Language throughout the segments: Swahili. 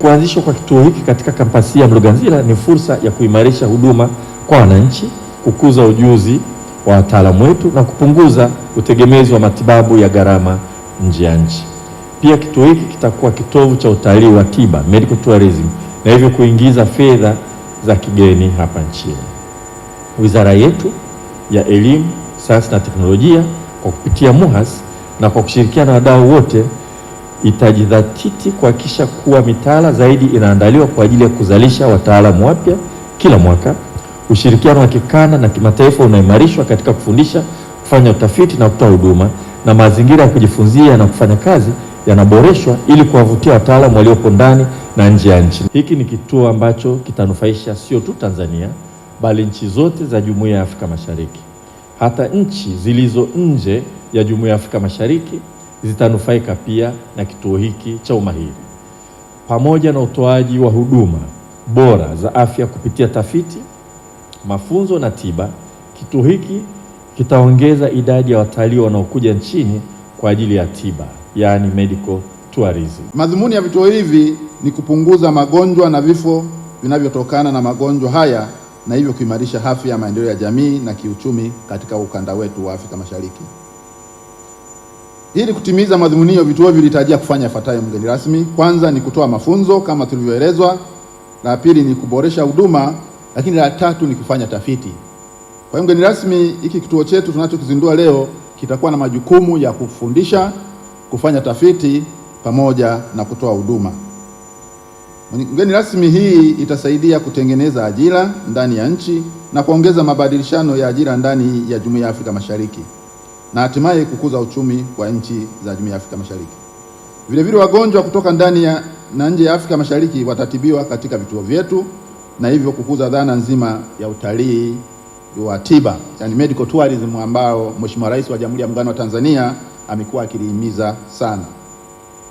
Kuanzishwa kwa kituo hiki katika kampasi ya Mloganzila ni fursa ya kuimarisha huduma kwa wananchi, kukuza ujuzi wa wataalamu wetu na kupunguza utegemezi wa matibabu ya gharama nje ya nchi. Pia kituo hiki kitakuwa kitovu cha utalii wa tiba, medical tourism, na hivyo kuingiza fedha za kigeni hapa nchini. Wizara yetu ya Elimu, Sayansi na Teknolojia kwa kupitia MUHAS na kwa kushirikiana na wadau wote itajidhatiti kuhakikisha kuwa mitaala zaidi inaandaliwa kwa ajili ya kuzalisha wataalamu wapya kila mwaka. Ushirikiano wa kikanda na kimataifa unaimarishwa katika kufundisha, kufanya utafiti na kutoa huduma, na mazingira ya kujifunzia na kufanya kazi yanaboreshwa ili kuwavutia wataalamu waliopo ndani na nje ya nchi. Hiki ni kituo ambacho kitanufaisha sio tu Tanzania bali nchi zote za Jumuiya ya Afrika Mashariki, hata nchi zilizo nje ya Jumuiya ya Afrika Mashariki zitanufaika pia na kituo hiki cha umahiri pamoja na utoaji wa huduma bora za afya kupitia tafiti, mafunzo na tiba. Kituo hiki kitaongeza idadi ya watalii wanaokuja nchini kwa ajili ya tiba, yaani medical tourism. Madhumuni ya vituo hivi ni kupunguza magonjwa na vifo vinavyotokana na magonjwa haya na hivyo kuimarisha afya ya maendeleo ya jamii na kiuchumi katika ukanda wetu wa Afrika Mashariki. Ili kutimiza madhumuni ya vituo vilitarajia kufanya yafuatayo, mgeni rasmi. Kwanza ni kutoa mafunzo kama tulivyoelezwa, la pili ni kuboresha huduma, lakini la tatu ni kufanya tafiti. Kwa hiyo, mgeni rasmi, hiki kituo chetu tunachokizindua leo kitakuwa na majukumu ya kufundisha, kufanya tafiti pamoja na kutoa huduma. Mgeni rasmi, hii itasaidia kutengeneza ajira ndani ya nchi na kuongeza mabadilishano ya ajira ndani ya Jumuiya ya Afrika Mashariki na hatimaye kukuza uchumi wa nchi za Jumuiya ya Afrika Mashariki. Vilevile, wagonjwa kutoka ndani ya na nje ya Afrika Mashariki watatibiwa katika vituo vyetu na hivyo kukuza dhana nzima ya utalii wa tiba, yani medical tourism, ambao Mheshimiwa Rais wa Jamhuri ya Muungano wa Tanzania amekuwa akilihimiza sana.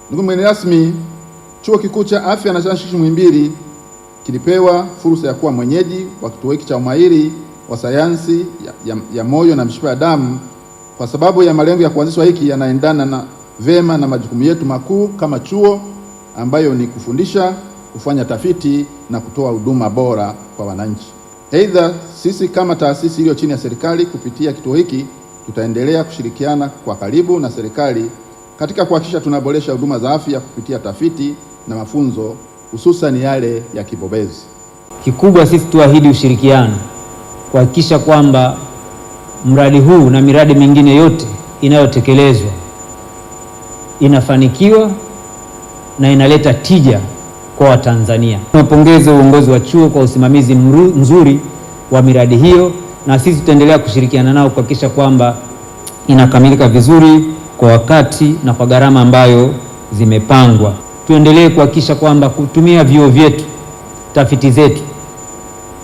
Ndugu mgeni rasmi, Chuo Kikuu cha Afya na Sayansi Muhimbili kilipewa fursa ya kuwa mwenyeji wa kituo hiki cha umahiri wa sayansi ya, ya, ya moyo na mishipa ya damu kwa sababu ya malengo ya kuanzishwa hiki yanaendana na vema na majukumu yetu makuu kama chuo ambayo ni kufundisha, kufanya tafiti na kutoa huduma bora kwa wananchi. Aidha, sisi kama taasisi iliyo chini ya serikali kupitia kituo hiki tutaendelea kushirikiana kwa karibu na serikali katika kuhakikisha tunaboresha huduma za afya kupitia tafiti na mafunzo hususan yale ya kibobezi. Kikubwa sisi tuahidi ushirikiano kuhakikisha kwamba mradi huu na miradi mingine yote inayotekelezwa inafanikiwa na inaleta tija kwa Watanzania. Tunapongeza uongozi wa chuo kwa usimamizi mzuri wa miradi hiyo, na sisi tutaendelea kushirikiana nao kuhakikisha kwamba inakamilika vizuri kwa wakati na kwa gharama ambayo zimepangwa. Tuendelee kuhakikisha kwamba kutumia vyuo vyetu, tafiti zetu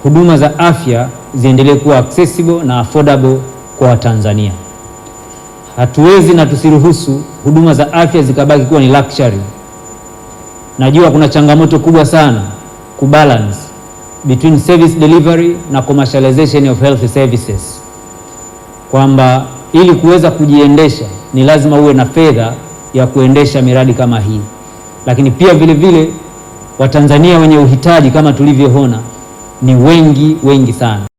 huduma za afya ziendelee kuwa accessible na affordable kwa Watanzania. Hatuwezi na tusiruhusu huduma za afya zikabaki kuwa ni luxury. Najua kuna changamoto kubwa sana kubalance between service delivery na commercialization of health services, kwamba ili kuweza kujiendesha ni lazima uwe na fedha ya kuendesha miradi kama hii, lakini pia vile vile Watanzania wenye uhitaji kama tulivyoona ni wengi wengi sana.